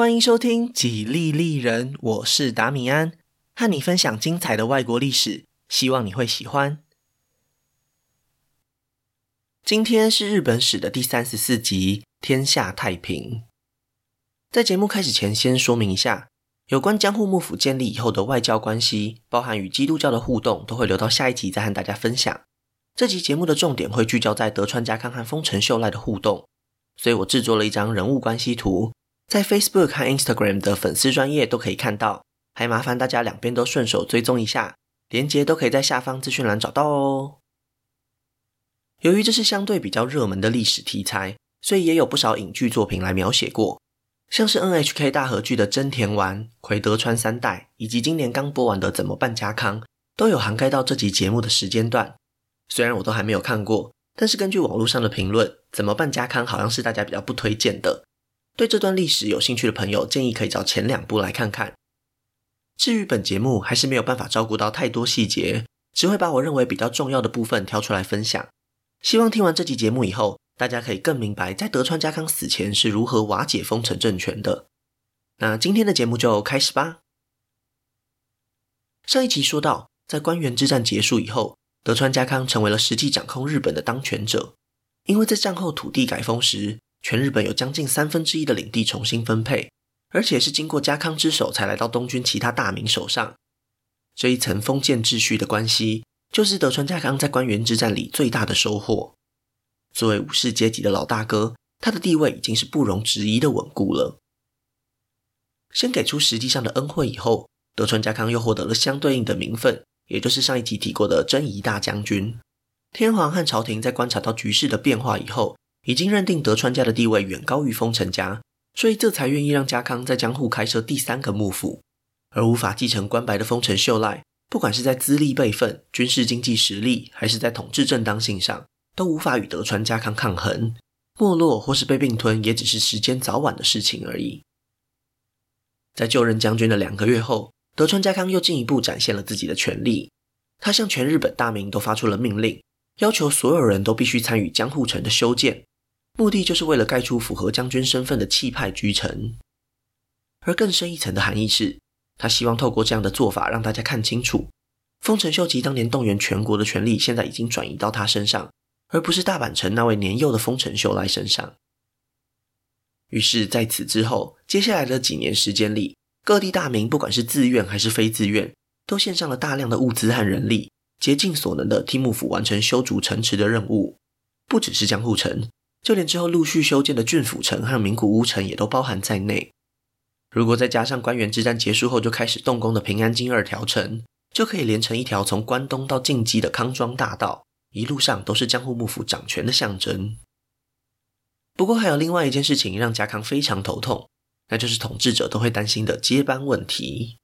歡迎收聽《幾利利人》，我是達米安，和你分享精彩的外國歷史，希望你會喜歡。今天是日本史的第三十四集《天下泰平》。在節目開始前，先說明一下，有關江戶幕府建立以後的外交關係，包含與基督教的互動，都會留到下一集再和大家分享。這集節目的重點會聚焦在德川家康和豐臣秀賴的互動，所以我制作了一張人物關係圖。在 Facebook 和 Instagram 的粉絲專頁都可以看到，還麻煩大家兩邊都順手追蹤一下，連結都可以在下方資訊欄找到哦。由於這是相對比較熱門的歷史題材，所以也有不少影劇作品來描寫過，像是 NHK 大河劇的真田丸、葵德川三代，以及今年剛播完的怎麼辦家康，都有涵蓋到這集節目的時間段。雖然我都還沒有看過，但是根據網絡上的評論，怎麼辦家康好像是大家比較不推薦的。對這段歷史有興趣的朋友，建議可以找前兩部來看看。至於本節目，還是沒有辦法照顧到太多細節，只會把我認為比較重要的部分挑出來分享。希望聽完這集節目以後，大家可以更明白在德川家康死前是如何瓦解豐臣政權的。那今天的節目就開始吧。上一集說到，在關原之戰結束以後，德川家康成為了實際掌控日本的當權者，因為在戰後土地改封時。全日本有將近三分之一的領地重新分配，而且是經過家康之手才來到東軍其他大名手上。這一層封建秩序的關係，就是德川家康在關原之戰裡最大的收穫。作為武士階級的老大哥，他的地位已經是不容置疑的穩固了。先給出實際上的恩惠以後，德川家康又獲得了相對應的名分，也就是上一集提過的征夷大將軍。天皇和朝廷在觀察到局勢的變化以後，已經認定德川家的地位遠高於豐臣家，所以這才願意讓家康在江戶開設第三個幕府。而無法繼承關白的豐臣秀賴，不管是在資歷輩分、軍事經濟實力，還是在統治正當性上，都無法與德川家康抗衡，沒落或是被併吞，也只是時間早晚的事情而已。在就任將軍的兩個月後，德川家康又進一步展現了自己的權力，他向全日本大名都發出了命令，要求所有人都必須參與江戶城的修建。目的就是為了蓋出符合將軍身份的氣派居城，而更深一層的含義是，他希望透過這樣的做法讓大家看清楚，豐臣秀吉當年動員全國的權力現在已經轉移到他身上，而不是大阪城那位年幼的豐臣秀賴身上。於是，在此之後，接下來的幾年時間裡，各地大名不管是自願還是非自願，都獻上了大量的物資和人力，竭盡所能地替幕府完成修築城池的任務，不只是江戶城。就連之後陸續修建的郡府城和名古屋城也都包含在內。如果再加上關原之戰結束後就開始動工的平安京二條城，就可以連成一條從關東到近畿的康莊大道，一路上都是江戶幕府掌權的象徵。不過，還有另外一件事情讓家康非常頭痛，那就是統治者都會擔心的接班問題。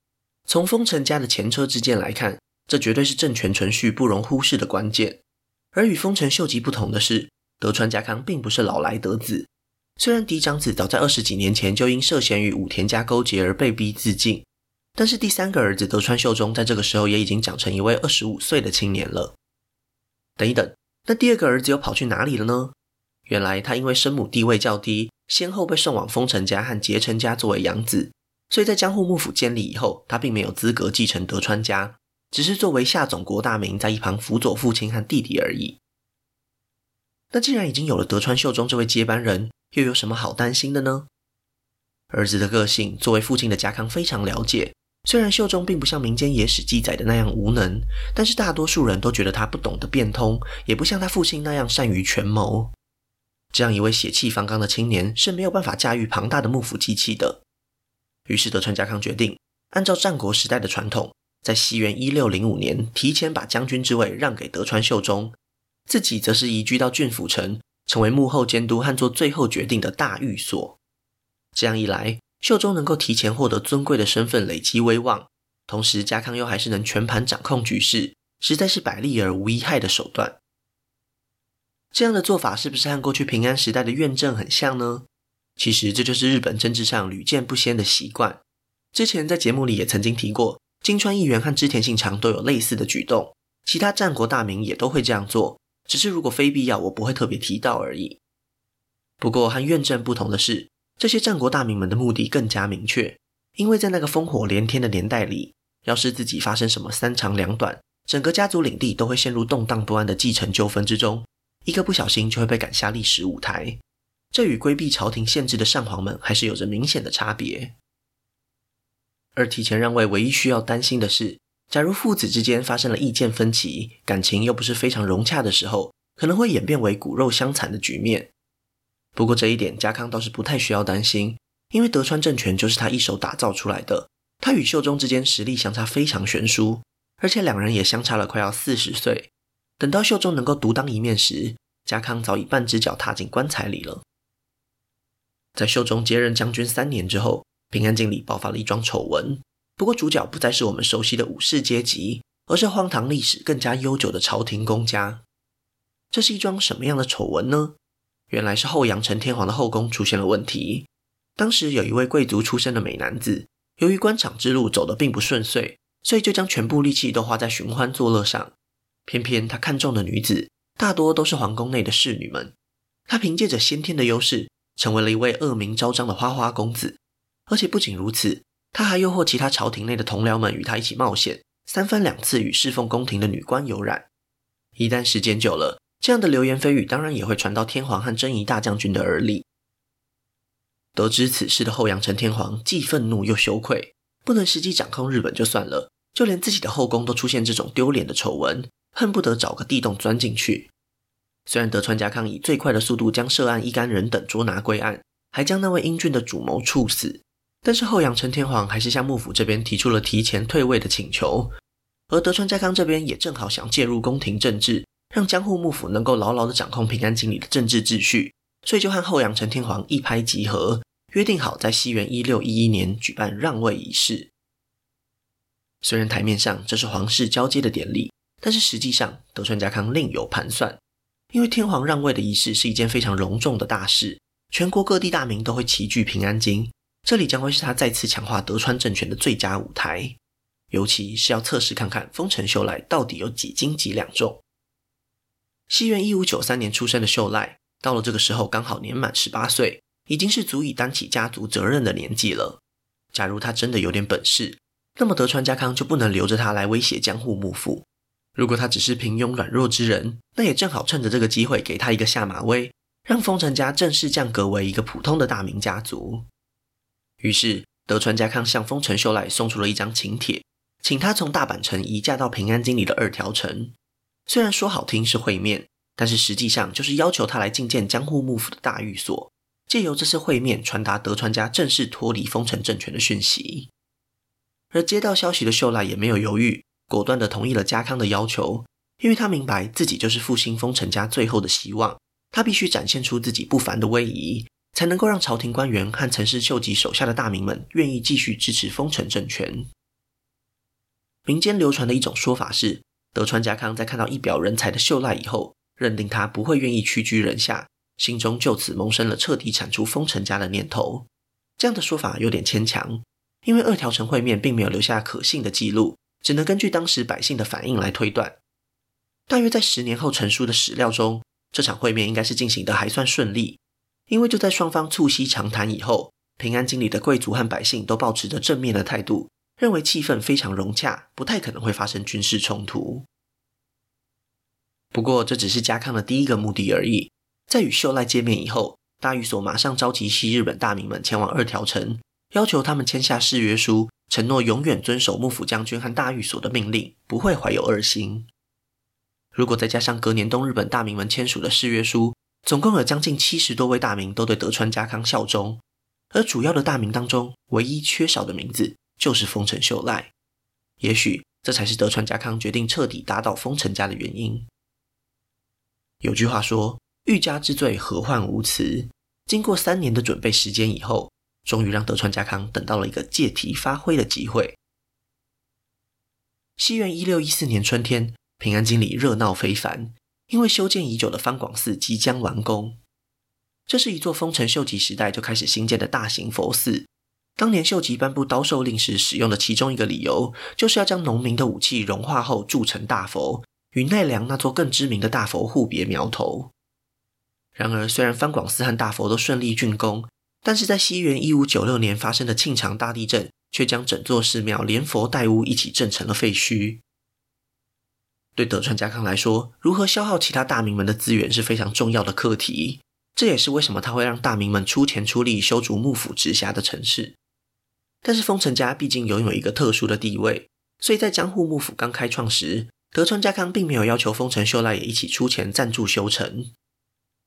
從豐臣家的前車之鑑來看，這絕對是政權存續不容忽視的關鍵。而與豐臣秀吉不同的是。德川家康並不是老來得子，雖然嫡長子早在二十幾年前就因涉嫌與武田家勾結而被逼自盡，但是第三個兒子德川秀忠在這個時候也已經長成一位二十五歲的青年了。等一等，那第二個兒子又跑去哪裡了呢？原來他因為生母地位較低，先後被送往豐臣家和結城家作為養子，所以在江戶幕府建立以後，他並沒有資格繼承德川家，只是作為下總國大名在一旁輔佐父親和弟弟而已。那既然已經有了德川秀忠這位接班人，又有什麼好擔心的呢？兒子的個性，作為父親的家康非常了解。雖然秀忠並不像民間野史記載的那樣無能，但是大多數人都覺得他不懂得變通，也不像他父親那樣善於權謀。這樣一位血氣方剛的青年是沒有辦法駕馭龐大的幕府機器的。於是德川家康決定，按照戰國時代的傳統，在西元一六零五年提前把將軍之位讓給德川秀忠。自己則是移居到駿府城，成為幕後監督和做最後決定的大御所。這樣一來，秀忠能夠提前獲得尊貴的身份，累積威望；同時，家康又還是能全盤掌控局勢，實在是百利而無一害的手段。這樣的做法是不是和過去平安時代的院政很像呢？其實，這就是日本政治上屢見不鮮的習慣。之前在節目裡也曾經提過，今川義元和織田信長都有類似的舉動，其他戰國大名也都會這樣做。只是如果非必要，我不會特別提到而已。不過和院政不同的是，這些戰國大名們的目的更加明確，因為在那個烽火連天的年代裡，要是自己發生什麼三長兩短，整個家族領地都會陷入動盪不安的繼承糾紛之中，一個不小心就會被趕下歷史舞台。這與規避朝廷限制的上皇們還是有着明顯的差別。而提前讓位，唯一需要擔心的是。假如父子之間發生了意見分歧，感情又不是非常融洽的時候，可能會演變為骨肉相殘的局面。不過這一點，家康倒是不太需要擔心，因為德川政權就是他一手打造出來的。他與秀忠之間實力相差非常懸殊，而且兩人也相差了快要四十歲。等到秀忠能夠獨當一面時，家康早已半隻腳踏進棺材裡了。在秀忠接任將軍三年之後，平安京裡爆發了一樁醜聞。不過，主角不再是我們熟悉的武士階級，而是荒唐歷史更加悠久的朝廷公家。這是一樁什麼樣的醜聞呢？原來是後陽成天皇的後宮出現了問題。當時有一位貴族出身的美男子，由於官場之路走得並不順遂，所以就將全部力氣都花在尋歡作樂上。偏偏他看中的女子大多都是皇宮內的侍女們。他憑借着先天的優勢，成為了一位惡名昭彰的花花公子。而且不僅如此。他還誘惑其他朝廷內的同僚們與他一起冒險，三番兩次與侍奉宮廷的女官有染。一旦時間久了，這樣的流言蜚語當然也會傳到天皇和征夷大將軍的耳裡。得知此事的後陽成天皇既憤怒又羞愧，不能實際掌控日本就算了，就連自己的後宮都出現這種丟臉的醜聞，恨不得找個地洞鑽進去。雖然德川家康以最快的速度將涉案一干人等捉拿歸案，還將那位英俊的主謀處死。但是後陽成天皇還是向幕府這邊提出了提前退位的請求，而德川家康這邊也正好想介入宮廷政治，讓江戶幕府能夠牢牢地掌控平安京裡的政治秩序，所以就和後陽成天皇一拍即合，約定好在西元一六一一年舉辦讓位儀式。雖然台面上這是皇室交接的典禮，但是實際上德川家康另有盤算，因為天皇讓位的儀式是一件非常隆重的大事，全國各地大名都會齊聚平安京。這裡將會是他再次強化德川政權的最佳舞台，尤其是要測試看看豐臣秀賴到底有幾斤幾兩重。西元一五九三年出生的秀賴，到了這個時候剛好年滿十八歲，已經是足以擔起家族責任的年紀了。假如他真的有點本事，那麼德川家康就不能留着他來威脅江戶幕府；如果他只是平庸軟弱之人，那也正好趁着這個機會給他一個下馬威，讓豐臣家正式降格為一個普通的大名家族。於是，德川家康向豐臣秀賴送出了一張請帖，請他從大阪城移駕到平安京裡的二條城。雖然說好聽是會面，但是實際上就是要求他來覲見江戶幕府的大御所，借由這次會面傳達德川家正式脫離豐臣政權的訊息。而接到消息的秀賴也沒有猶豫，果斷地同意了家康的要求，因為他明白自己就是復興豐臣家最後的希望，他必須展現出自己不凡的威儀。才能夠讓朝廷官員和曾是秀吉手下的大名們願意繼續支持豐臣政權。民間流傳的一種說法是，德川家康在看到一表人才的秀賴以後，認定他不會願意屈居人下，心中就此萌生了徹底鏟除豐臣家的念頭。這樣的說法有點牽強，因為二條城會面並沒有留下可信的記錄，只能根據當時百姓的反應來推斷。大約在十年後成書的史料中，這場會面應該是進行得還算順利。因為就在雙方促膝長談以後，平安京裡的貴族和百姓都保持着正面的態度，認為氣氛非常融洽，不太可能會發生軍事衝突。不過這只是家康的第一個目的而已。在與秀賴見面以後，大御所馬上召集西日本大名們前往二條城，要求他們簽下誓約書，承諾永遠遵守幕府將軍和大御所的命令，不會懷有二心。如果再加上隔年東日本大名們簽署的誓約書，總共有將近七十多位大名都對德川家康效忠，而主要的大名當中，唯一缺少的名字就是豐臣秀賴。也許這才是德川家康決定徹底打倒豐臣家的原因。有句話說：“欲加之罪，何患無辭。”經過三年的準備時間以後，終於讓德川家康等到了一個借題發揮的機會。西元一六一四年春天，平安京裡熱鬧非凡。因為修建已久的方廣寺即將完工，這是一座豐臣秀吉時代就開始興建的大型佛寺。當年秀吉頒布刀狩令時使用的其中一個理由，就是要將農民的武器融化後鑄成大佛，與奈良那座更知名的大佛互別苗頭。然而，雖然方廣寺和大佛都順利竣工，但是在西元一五九六年發生的慶長大地震，卻將整座寺廟連佛帶屋一起震成了廢墟。對德川家康來說，如何消耗其他大名們的資源是非常重要的課題。這也是為什麼他會讓大名們出錢出力修築幕府直轄的城市。但是豐臣家畢竟擁有一個特殊的地位，所以在江戶幕府剛開創時，德川家康並沒有要求豐臣秀賴也一起出錢贊助修城。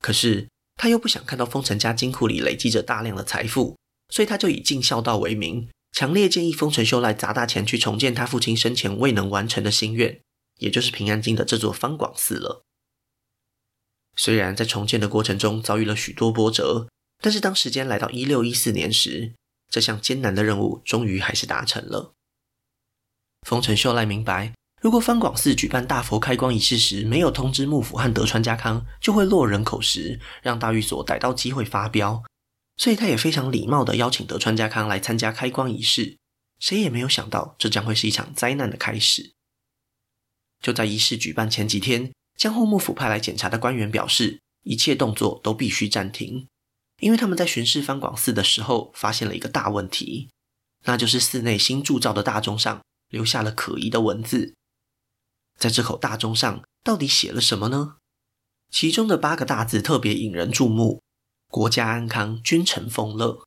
可是他又不想看到豐臣家金庫裡累積着大量的財富，所以他就以盡孝道為名，強烈建議豐臣秀賴砸大錢去重建他父親生前未能完成的心願。也就是平安京的這座方廣寺了。雖然在重建的過程中遭遇了許多波折，但是當時間來到一六一四年時，這項艱難的任務終於還是達成了。豐臣秀賴明白，如果方廣寺舉辦大佛開光儀式時沒有通知幕府和德川家康，就會落人口實，讓大御所逮到機會發飆。所以他也非常禮貌的邀請德川家康來參加開光儀式。誰也沒有想到，這將會是一場災難的開始。就在儀式舉辦前幾天，江戶幕府派來檢查的官員表示，一切動作都必須暫停，因為他們在巡視方廣寺的時候，發現了一個大問題，那就是寺內新鑄造的大鐘上留下了可疑的文字。在這口大鐘上到底寫了什麼呢？其中的八個大字特別引人注目：“國家安康，君臣豐樂。”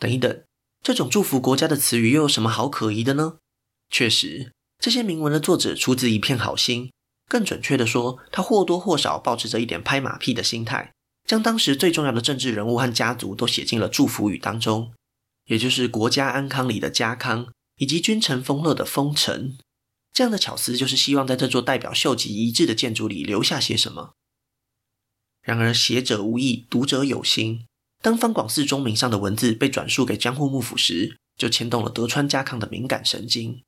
等一等，這種祝福國家的詞語又有什麼好可疑的呢？確實。這些銘文的作者出自一片好心，更準確地說，他或多或少抱持着一點拍馬屁的心態，將當時最重要的政治人物和家族都寫進了祝福語當中，也就是“國家安康”裡的“家康”，以及“君臣豐樂”的“豐臣”。這樣的巧思，就是希望在這座代表秀吉遺志的建築裡留下些什麼。然而，寫者無意，讀者有心。當方廣寺鐘銘上的文字被轉述給江戶幕府時，就牽動了德川家康的敏感神經。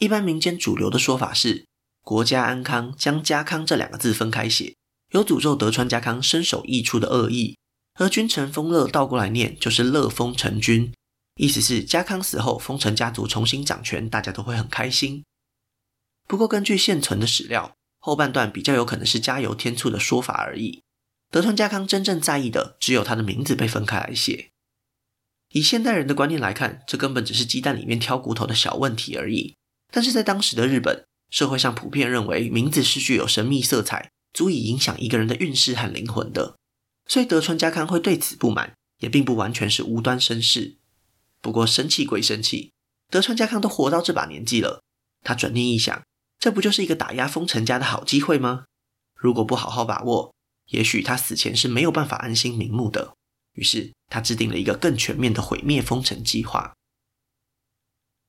一般民間主流的說法是，國家安康將家康這兩個字分開寫，有詛咒德川家康身首異處的惡意；而“君臣豐樂”倒過來念就是“樂豐臣君”，意思是家康死後豐臣家族重新掌權，大家都會很開心。不過，根據現存的史料，後半段比較有可能是加油添醋的說法而已。德川家康真正在意的只有他的名字被分開來寫。以現代人的觀念來看，這根本只是雞蛋裡面挑骨頭的小問題而已。但是在當時的日本社會上，普遍認為名字是具有神秘色彩，足以影響一個人的運勢和靈魂的，所以德川家康會對此不滿，也並不完全是無端生事。不過生氣歸生氣，德川家康都活到這把年紀了，他轉念一想，這不就是一個打壓豐臣家的好機會嗎？如果不好好把握，也許他死前是沒有辦法安心瞑目的。於是他制定了一個更全面的毀滅豐臣計劃。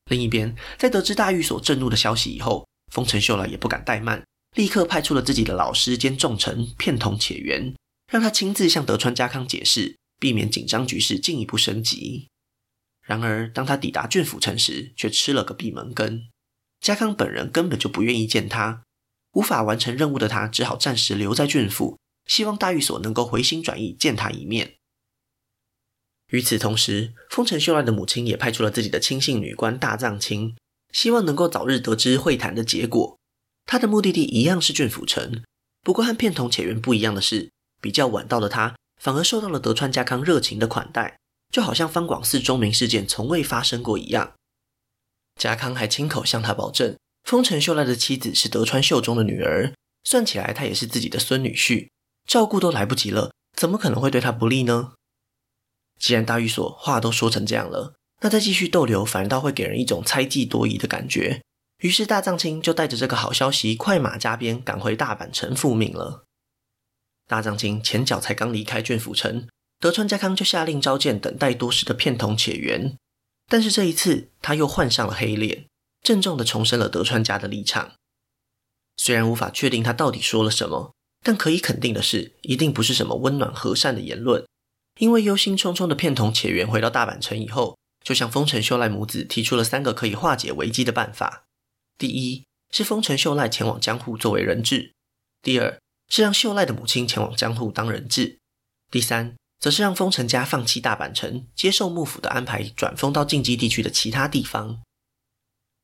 另一邊，在得知大御所震怒的消息以後，豐臣秀賴也不敢怠慢，立刻派出了自己的老師兼重臣片桐且元，讓他親自向德川家康解釋，避免緊張局勢進一步升級。然而，當他抵達駿府城時，卻吃了個閉門羹。家康本人根本就不願意見他，無法完成任務的他只好暫時留在駿府，希望大御所能夠回心轉意見他一面。與此同時，豐臣秀賴的母親也派出了自己的親信女官大藏卿，希望能夠早日得知會談的結果。他的目的地一樣是駿府城，不過和片桐且元不一樣的是，比較晚到的他反而受到了德川家康熱情的款待，就好像方廣寺鐘銘事件從未發生過一樣。家康還親口向他保證，豐臣秀賴的妻子是德川秀忠的女兒，算起來他也是自己的孫女婿，照顧都來不及了，怎麼可能會對他不利呢？既然大御所話都說成這樣了，那再繼續逗留反倒會給人一種猜忌多疑的感覺。於是大藏卿就帶着這個好消息，快馬加鞭趕回大阪城復命了。大藏卿前腳才剛離開駿府城，德川家康就下令召見等待多時的片桐且元。但是這一次他又換上了黑臉，鄭重地重申了德川家的立場。雖然無法確定他到底說了什麼，但可以肯定的是，一定不是什麼溫暖和善的言論。因為憂心忡忡的片桐且元回到大阪城以後，就向豐臣秀賴母子提出了三個可以化解危機的辦法：第一是豐臣秀賴前往江戶作為人質；第二是讓秀賴的母親前往江戶當人質；第三則是讓豐臣家放棄大阪城，接受幕府的安排，轉封到近畿地區的其他地方。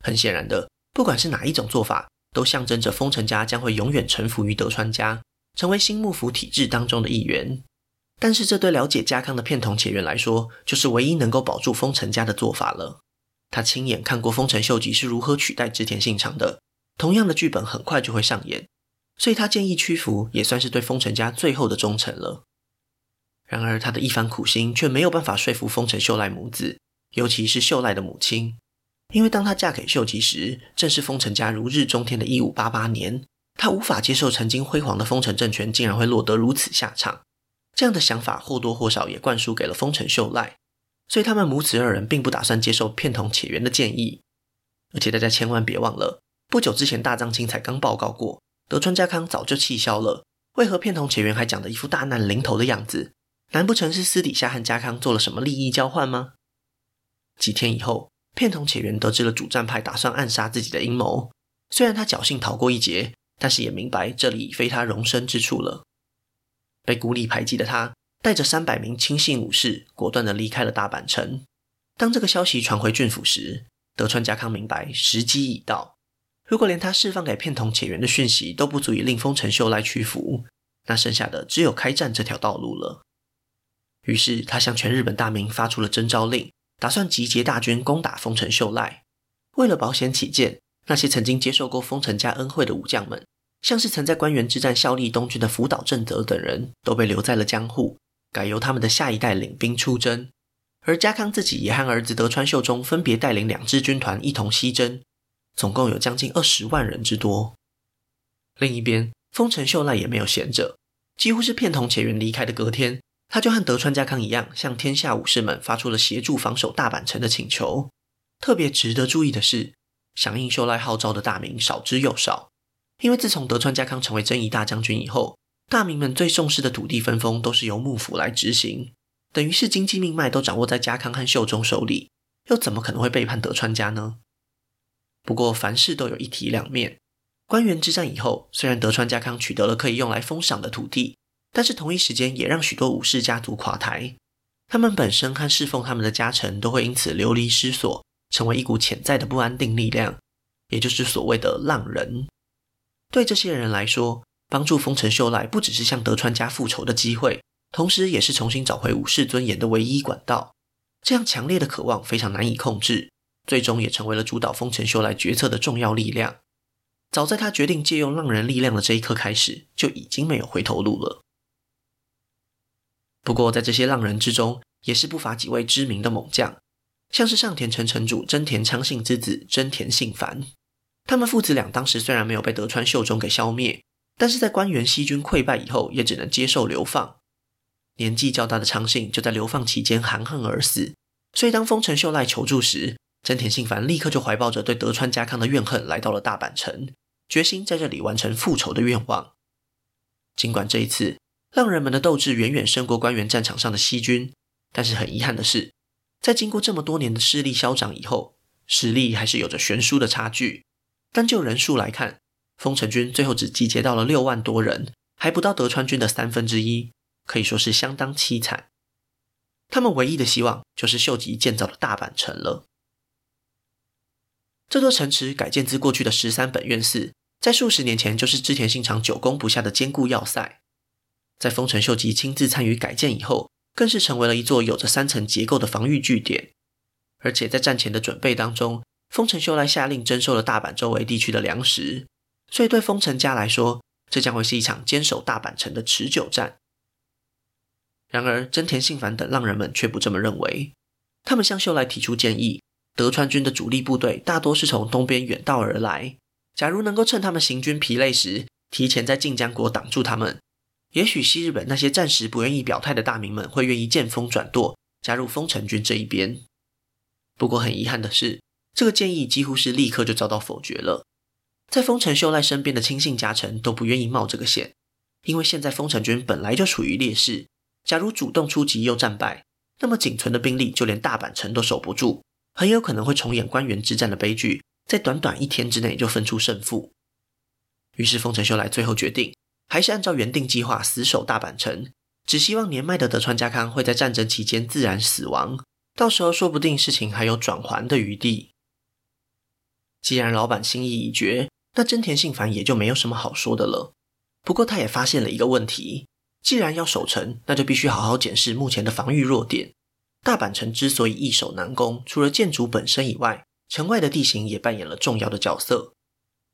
很顯然的，不管是哪一種做法，都象徵着豐臣家將會永遠臣服於德川家，成為新幕府體制當中的一員。但是這對了解家康的片桐且元來說，就是唯一能夠保住豐臣家的做法了。他親眼看過豐臣秀吉是如何取代織田信長的，同樣的劇本很快就會上演，所以他建議屈服，也算是對豐臣家最後的忠誠了。然而，他的一番苦心卻沒有辦法說服豐臣秀賴母子，尤其是秀賴的母親，因為當她嫁給秀吉時，正是豐臣家如日中天的1588年，他無法接受曾經輝煌的豐臣政權竟然會落得如此下場。這樣的想法或多或少也灌輸給了豐臣秀賴，所以他們母子二人並不打算接受片桐且元的建議。而且大家千萬別忘了，不久之前大藏卿才剛報告過，德川家康早就氣消了，為何片桐且元還講得一副大難臨頭的樣子？難不成是私底下和家康做了什麼利益交換嗎？幾天以後，片桐且元得知了主戰派打算暗殺自己的陰謀，雖然他僥幸逃過一劫，但是也明白這裡已非他容身之處了。被孤立排擠的他，帶着三百名親信武士，果斷地離開了大阪城。當這個消息傳回駿府時，德川家康明白時機已到。如果連他釋放給片桐且元的訊息都不足以令豐臣秀賴屈服，那剩下的只有開戰這條道路了。於是，他向全日本大名發出了徵召令，打算集結大軍攻打豐臣秀賴。為了保險起見，那些曾經接受過豐臣家恩惠的武將們，像是曾在關原之戰效力東軍的福島正則等人都被留在了江戶，改由他們的下一代領兵出征。而家康自己也和兒子德川秀忠分別帶領兩支軍團一同西征，總共有將近二十萬人之多。另一邊，豐臣秀賴也沒有閒着，幾乎是片桐且元離開的隔天，他就和德川家康一樣，向天下武士們發出了協助防守大阪城的請求。特別值得注意的是，響應秀賴號召的大名少之又少。因為自從德川家康成為征夷大將軍以後，大名們最重視的土地分封都是由幕府來執行，等於是經濟命脈都掌握在家康和秀忠手裡，又怎麼可能會背叛德川家呢？不過凡事都有一體兩面，關原之戰以後，雖然德川家康取得了可以用來封賞的土地，但是同一時間也讓許多武士家族垮台，他們本身和侍奉他們的家臣都會因此流離失所，成為一股潛在的不安定力量，也就是所謂的浪人。對這些人來說，幫助豐臣秀賴不只是向德川家復仇的機會，同時也是重新找回武士尊嚴的唯一管道。這樣強烈的渴望非常難以控制，最終也成為了主導豐臣秀賴決策的重要力量。早在他決定借用浪人力量的這一刻開始，就已經沒有回頭路了。不過，在這些浪人之中，也是不乏幾位知名的猛將，像是上田城城主真田昌幸之子真田信繁。他們父子倆當時雖然沒有被德川秀忠給消滅，但是在關原西軍潰敗以後，也只能接受流放。年紀較大的昌幸就在流放期間含恨而死。所以，當豐臣秀賴求助時，真田信繁立刻就懷抱着對德川家康的怨恨來到了大阪城，決心在這裡完成復仇的願望。儘管這一次浪人們的鬥志遠遠勝過關原戰場上的西軍，但是很遺憾的是，在經過這麼多年的勢力消長以後，實力還是有着懸殊的差距。單就人數來看，豐臣軍最後只集結到了六萬多人，還不到德川軍的三分之一，可以說是相當淒慘。他們唯一的希望就是秀吉建造的大阪城了。這座城池改建自過去的石山本願寺，在數十年前就是織田信長久攻不下的堅固要塞。在豐臣秀吉親自參與改建以後，更是成為了一座有着三層結構的防御據點，而且在戰前的準備當中。豐臣秀賴下令徵收了大阪周圍地區的糧食，所以對豐臣家來說，這將會是一場堅守大阪城的持久戰。然而，真田信繁等浪人們卻不這麼認為。他們向秀賴提出建議：德川軍的主力部隊大多是從東邊遠道而來，假如能夠趁他們行軍疲累時，提前在近江國擋住他們，也許西日本那些暫時不願意表態的大名們會願意見風轉舵，加入豐臣軍這一邊。不過，很遺憾的是。這個建議幾乎是立刻就遭到否決了。在豐臣秀賴身邊的親信家臣都不願意冒這個險，因為現在豐臣軍本來就處於劣勢。假如主動出擊又戰敗，那麼僅存的兵力就連大阪城都守不住，很有可能會重演關原之戰的悲劇，在短短一天之內就分出勝負。於是豐臣秀賴最後決定，還是按照原定計劃死守大阪城，只希望年邁的德川家康會在戰爭期間自然死亡，到時候說不定事情還有轉圜的餘地。既然老闆心意已決，那真田信繁也就沒有什麼好說的了。不過他也發現了一個問題：既然要守城，那就必須好好檢視目前的防禦弱點。大阪城之所以易守難攻，除了建築本身以外，城外的地形也扮演了重要的角色。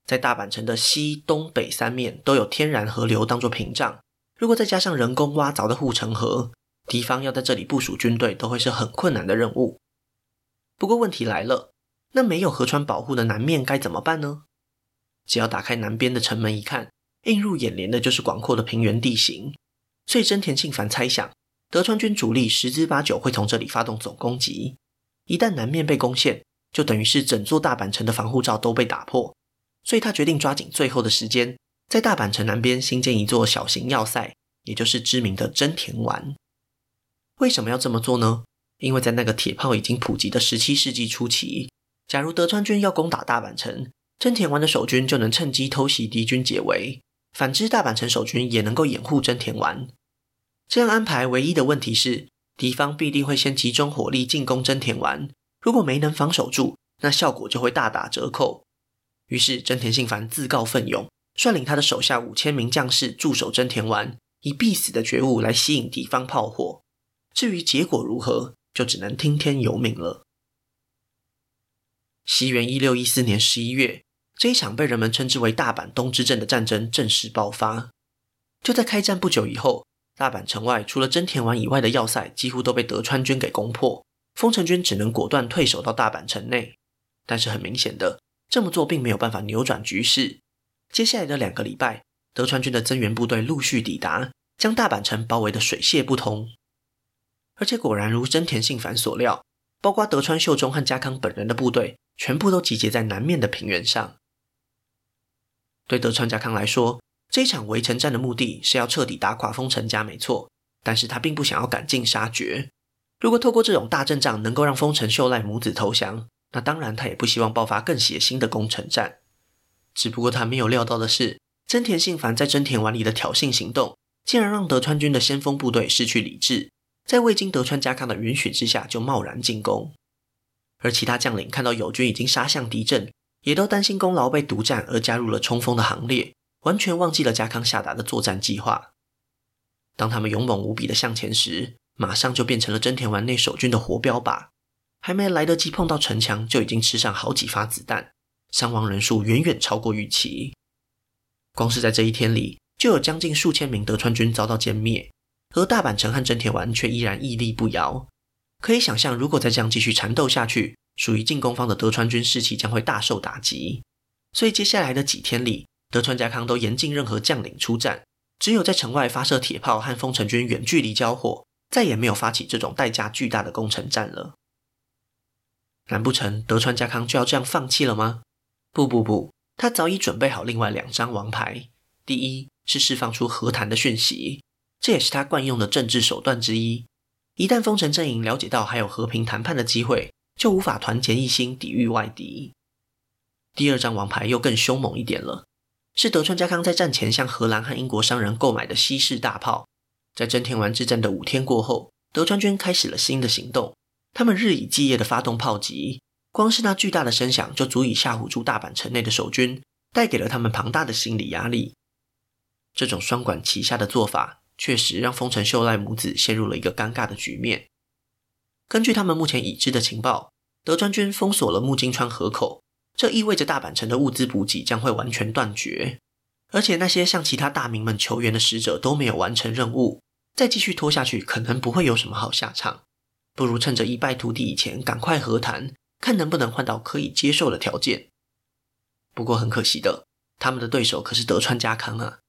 在大阪城的西、東、北三面都有天然河流當做屏障，如果再加上人工挖鑿的護城河，敵方要在這裡部署軍隊都會是很困難的任務。不過問題來了。那沒有河川保護的南面該怎麼辦呢？只要打開南邊的城門一看，映入眼簾的就是廣闊的平原地形。所以真田信繁猜想，德川軍主力十之八九會從這裡發動總攻擊。一旦南面被攻陷，就等於是整座大阪城的防護罩都被打破。所以他決定抓緊最後的時間，在大阪城南邊新建一座小型要塞，也就是知名的真田丸。為什麼要這麼做呢？因為在那個鐵炮已經普及的十七世紀初期。假如德川軍要攻打大阪城，真田丸的守軍就能趁機偷襲敵軍解圍；反之，大阪城守軍也能夠掩護真田丸。這樣安排，唯一的問題是敵方必定會先集中火力進攻真田丸，如果沒能防守住，那效果就會大打折扣。於是，真田信繁自告奮勇，率領他的手下五千名將士駐守真田丸，以必死的覺悟來吸引敵方炮火。至於結果如何，就只能聽天由命了。西元一六一四年十一月，這一場被人們稱之為大阪冬之陣的戰爭正式爆發。就在開戰不久以後，大阪城外除了真田丸以外的要塞幾乎都被德川軍給攻破，豐臣軍只能果斷退守到大阪城內。但是很明顯的，這麼做並沒有辦法扭轉局勢。接下來的兩個禮拜，德川軍的增援部隊陸續抵達，將大阪城包圍的水泄不通。而且果然如真田信繁所料，包括德川秀忠和家康本人的部隊。全部都集結在南面的平原上。對德川家康來說，這一場圍城戰的目的是要徹底打垮豐臣家，沒錯。但是他並不想要趕盡殺絕。如果透過這種大陣仗能夠讓豐臣秀賴母子投降，那當然他也不希望爆發更血腥的攻城戰。只不過他沒有料到的是，真田信繁在真田丸裡的挑釁行動，竟然讓德川軍的先鋒部隊失去理智，在未經德川家康的允許之下就貿然進攻。而其他將領看到友軍已經殺向敵陣，也都擔心功勞被獨佔而加入了衝鋒的行列，完全忘記了家康下達的作戰計劃。當他們勇猛無比的向前時，馬上就變成了真田丸內守軍的活標靶，還沒來得及碰到城牆，就已經吃上好幾發子彈，傷亡人數遠遠超過預期。光是在這一天裡，就有將近數千名德川軍遭到殲滅，而大阪城和真田丸卻依然屹立不搖。可以想象，如果再這樣繼續纏鬥下去，屬於進攻方的德川軍士氣將會大受打擊。所以接下來的幾天裡，德川家康都嚴禁任何將領出戰，只有在城外發射鐵炮和豐臣軍遠距離交火，再也沒有發起這種代價巨大的攻城戰了。難不成德川家康就要這樣放棄了嗎？不不不，他早已準備好另外兩張王牌。第一，是釋放出和談的訊息，這也是他慣用的政治手段之一。一旦豐臣陣營了解到還有和平談判的機會，就無法團結一心抵御外敵。第二張王牌又更兇猛一點了，是德川家康在戰前向荷蘭和英國商人購買的西式大炮。在真田丸之戰的五天過後，德川軍開始了新的行動，他們日以繼夜的發動炮擊，光是那巨大的聲響就足以嚇唬住大阪城內的守軍，帶給了他們龐大的心理壓力。這種雙管齊下的做法。確實讓豐臣秀賴母子陷入了一個尷尬的局面。根據他們目前已知的情報，德川軍封鎖了木津川河口，這意味着大阪城的物資補給將會完全斷絕。而且那些向其他大名們求援的使者都沒有完成任務，再繼續拖下去，可能不會有什麼好下場。不如趁着一敗塗地以前，趕快和談，看能不能換到可以接受的條件。不過很可惜的，他們的對手可是德川家康啊。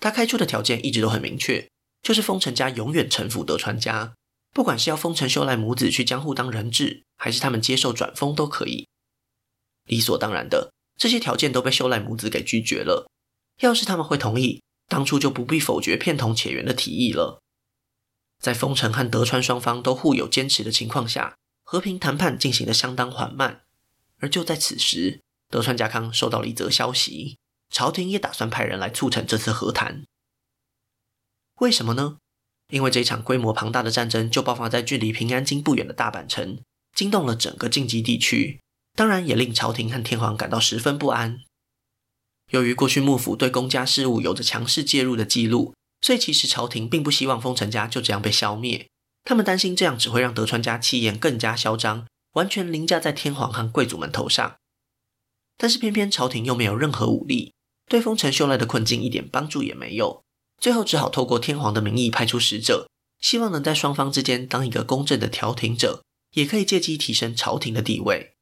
他開出的條件一直都很明確，就是豐臣家永遠臣服德川家，不管是要豐臣秀賴母子去江戶當人質，還是他們接受轉封都可以。理所當然的，這些條件都被秀賴母子給拒絕了。要是他們會同意，當初就不必否決片桐且元的提議了。在豐臣和德川雙方都互有堅持的情況下，和平談判進行得相當緩慢。而就在此時，德川家康收到了一則消息。朝廷也打算派人來促成這次和談，為什麼呢？因為這場規模龐大的戰爭就爆發在距離平安京不遠的大阪城，驚動了整個近畿地區，當然也令朝廷和天皇感到十分不安。由於過去幕府對公家事務有着強勢介入的記錄，所以其實朝廷並不希望豐臣家就這樣被消滅，他們擔心這樣只會讓德川家氣焰更加囂張，完全凌駕在天皇和貴族們頭上。但是偏偏朝廷又沒有任何武力。對豐臣秀賴的困境一點幫助也沒有，最後只好透過天皇的名義派出使者，希望能在雙方之間當一個公正的調停者，也可以借機提升朝廷的地位。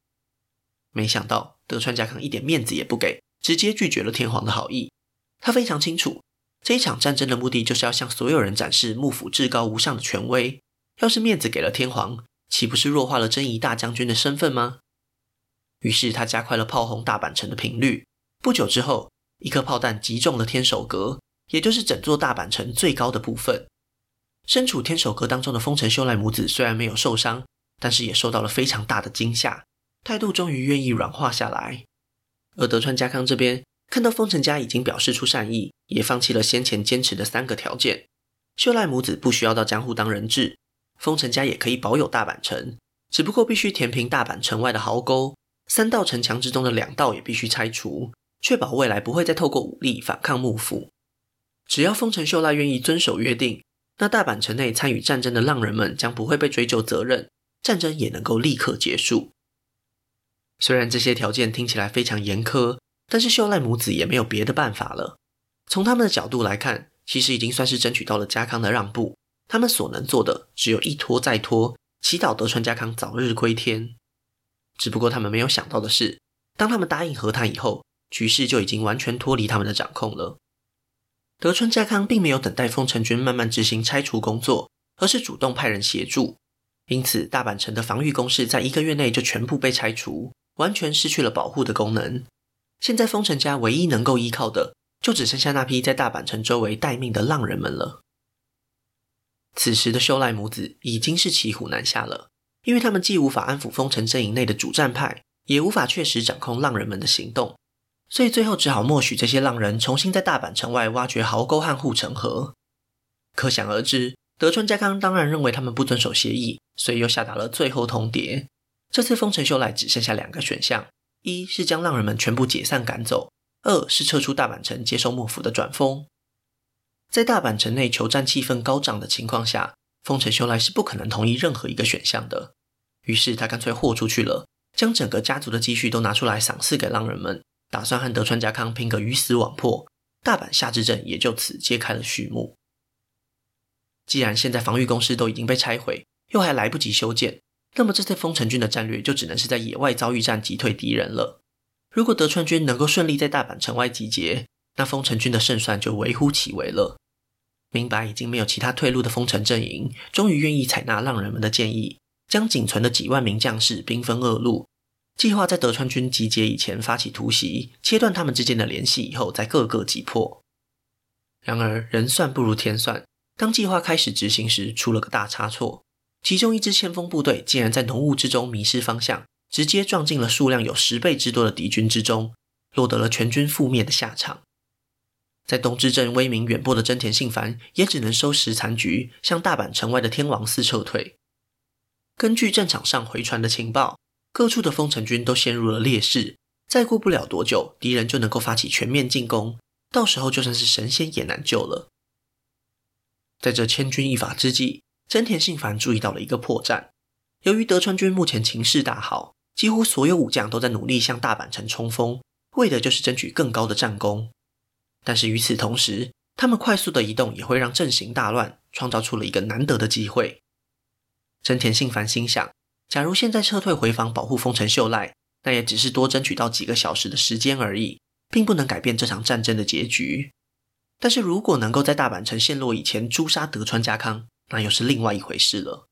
沒想到德川家康一點面子也不給，直接拒絕了天皇的好意。他非常清楚，這一場戰爭的目的就是要向所有人展示幕府至高無上的權威。要是面子給了天皇，豈不是弱化了征夷大將軍的身份嗎？於是他加快了炮轟大阪城的頻率。不久之後。一顆炮彈擊中了天守閣，也就是整座大阪城最高的部分。身處天守閣當中的豐臣秀賴母子雖然沒有受傷，但是也受到了非常大的驚嚇，態度終於願意軟化下來。而德川家康這邊，看到豐臣家已經表示出善意，也放棄了先前堅持的三個條件：秀賴母子不需要到江戶當人質，豐臣家也可以保有大阪城，只不過必須填平大阪城外的壕溝，三道城牆之中的兩道也必須拆除。確保未來不會再透過武力反抗幕府。只要豐臣秀賴願意遵守約定，那大阪城內參與戰爭的浪人們將不會被追究責任，戰爭也能夠立刻結束。雖然這些條件聽起來非常嚴苛，但是秀賴母子也沒有別的辦法了。從他們的角度來看，其實已經算是爭取到了家康的讓步，他們所能做的只有一拖再拖，祈禱德川家康早日歸天。只不過他們沒有想到的是，當他們答應和談以後，局勢就已經完全脫離他們的掌控了。德川家康並沒有等待豐臣軍慢慢執行拆除工作，而是主動派人協助。因此，大阪城的防御工事在一個月內就全部被拆除，完全失去了保護的功能。現在，豐臣家唯一能夠依靠的，就只剩下那批在大阪城周圍待命的浪人們了。此時的秀賴母子已經是騎虎難下了，因為他們既無法安撫豐臣陣營內的主戰派，也無法確實掌控浪人們的行動。所以最後只好默許這些浪人重新在大阪城外挖掘壕溝和護城河。可想而知，德川家康當然認為他們不遵守協議，所以又下達了最後通牒。這次豐臣秀賴只剩下兩個選項：一是將浪人們全部解散趕走；二是撤出大阪城，接受幕府的轉封。在大阪城內求戰氣氛高漲的情況下，豐臣秀賴是不可能同意任何一個選項的。於是他乾脆豁出去了，將整個家族的積蓄都拿出來賞賜給浪人們。打算和德川家康拼個魚死網破，大阪夏之陣也就此揭開了序幕。既然現在防禦工事都已經被拆毀，又還來不及修建，那麼這次豐臣軍的戰略就只能是在野外遭遇戰擊退敵人了。如果德川軍能夠順利在大阪城外集結，那豐臣軍的勝算就微乎其微了。明白已經沒有其他退路的豐臣陣營，終於願意採納浪人們的建議，將僅存的幾萬名將士兵分二路。計劃在德川軍集結以前發起突襲，切斷他們之間的聯繫，以後再各個擊破。然而，人算不如天算，當計劃開始執行時，出了個大差錯。其中一支先鋒部隊竟然在濃霧之中迷失方向，直接撞進了數量有十倍之多的敵軍之中，落得了全軍覆滅的下場。在冬之陣威名遠播的真田信繁，也只能收拾殘局，向大阪城外的天王寺撤退。根據戰場上回傳的情報，各處的豐臣軍都陷入了劣勢，再過不了多久，敵人就能夠發起全面進攻，到時候就算是神仙也難救了。在這千鈞一髮之際，真田信繁注意到了一個破綻。由於德川軍目前情勢大好，幾乎所有武將都在努力向大阪城衝鋒，為的就是爭取更高的戰功。但是與此同時，他們快速的移動也會讓陣型大亂，創造出了一個難得的機會。真田信繁心想。假如現在撤退回防，保護豐臣秀賴，那也只是多爭取到幾個小時的時間而已，並不能改變這場戰爭的結局。但是如果能夠在大阪城陷落以前誅殺德川家康，那又是另外一回事了。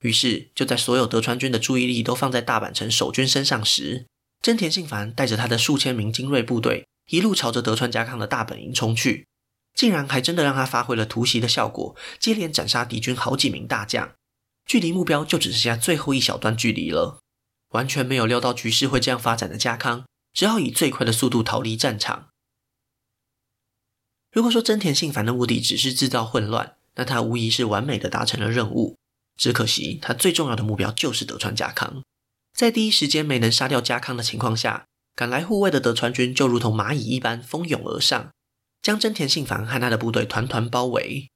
於是，就在所有德川軍的注意力都放在大阪城守軍身上時，真田信繁帶着他的數千名精銳部隊，一路朝着德川家康的大本營衝去，竟然還真的讓他發揮了突襲的效果，接連斬殺敵軍好幾名大將。距離目標就只剩下最後一小段距離了，完全沒有料到局勢會這樣發展的家康，只好以最快的速度逃離戰場。如果說真田信繁的目的只是制造混亂，那他無疑是完美的達成了任務。只可惜他最重要的目標就是德川家康，在第一時間沒能殺掉家康的情況下，趕來護衛的德川軍就如同螞蟻一般蜂擁而上，將真田信繁和他的部隊團團包圍，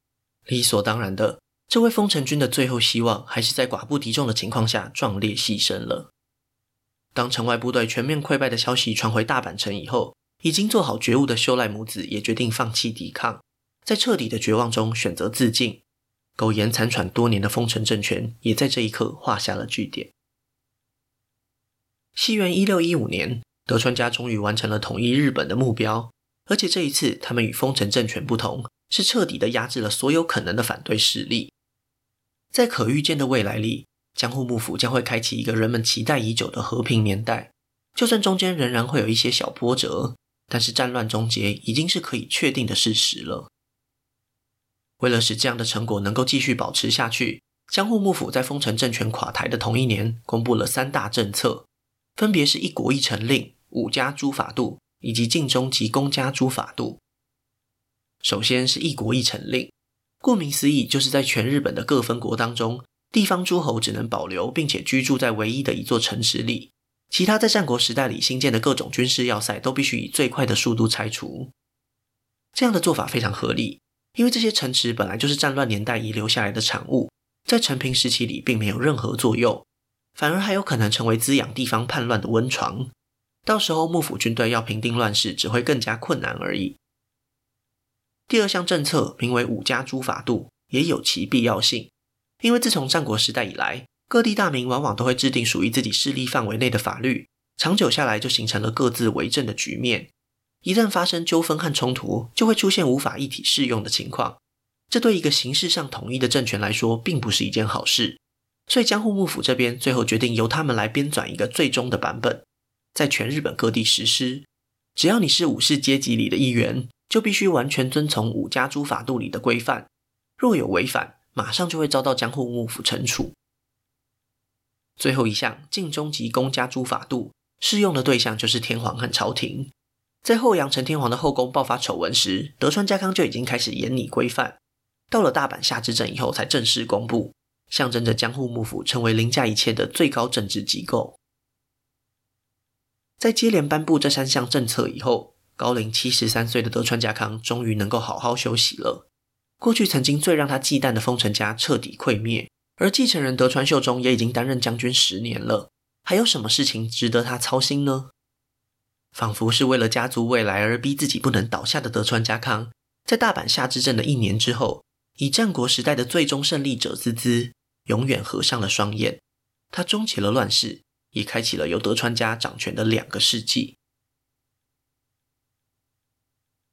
理所當然的。這位豐臣軍的最後希望，還是在寡不敵眾的情況下壯烈犧牲了。當城外部隊全面潰敗的消息傳回大阪城以後，已經做好覺悟的秀賴母子也決定放棄抵抗，在徹底的絕望中選擇自盡。苟延殘喘多年的豐臣政權，也在這一刻畫下了句點。西元一六一五年，德川家終於完成了統一日本的目標，而且這一次，他們與豐臣政權不同，是徹底的壓制了所有可能的反對勢力。在可預見的未來裡，江戶幕府將會開啟一個人們期待已久的和平年代。就算中間仍然會有一些小波折，但是戰亂終結已經是可以確定的事實了。為了使這樣的成果能夠繼續保持下去，江戶幕府在豐臣政權垮台的同一年，公布了三大政策，分別是“一國一城令”、“武家諸法度”以及“禁中及公家諸法度”。首先是“一國一城令”。顧名思義，就是在全日本的各分國當中，地方諸侯只能保留並且居住在唯一的一座城池裡，其他在戰國時代裡興建的各種軍事要塞都必須以最快的速度拆除。這樣的做法非常合理，因為這些城池本來就是戰亂年代遺留下來的產物，在承平時期裡並沒有任何作用，反而還有可能成為滋養地方叛亂的溫床，到時候幕府軍隊要平定亂世只會更加困難而已。第二項政策名為“武家諸法度”，也有其必要性。因為自從戰國時代以來，各地大名往往都會制定屬於自己勢力範圍內的法律，長久下來就形成了各自為政的局面。一旦發生糾紛和衝突，就會出現無法一體適用的情況。這對一個形式上統一的政權來說，並不是一件好事。所以，江戶幕府這邊最後決定由他們來編纂一個最終的版本，在全日本各地實施。只要你是武士階級裡的一員。就必須完全遵從武家諸法度裡的規範，若有違反，馬上就會遭到江戶幕府懲處。最後一項《禁中並公家諸法度》適用的對象就是天皇和朝廷。在後陽成天皇的後宮爆發醜聞時，德川家康就已經開始嚴擬規範，到了大阪夏之陣以後才正式公布，象徵着江戶幕府成為凌駕一切的最高政治機構。在接連頒布這三項政策以後。高齡七十三歲的德川家康終於能夠好好休息了。過去曾經最讓他忌憚的豐臣家徹底潰滅，而繼承人德川秀忠也已經擔任將軍十年了。還有什麼事情值得他操心呢？仿佛是為了家族未來而逼自己不能倒下的德川家康，在大阪夏之陣的一年之後，以戰國時代的最終勝利者之姿，永遠合上了雙眼。他終結了亂世，也開啟了由德川家掌權的兩個世紀。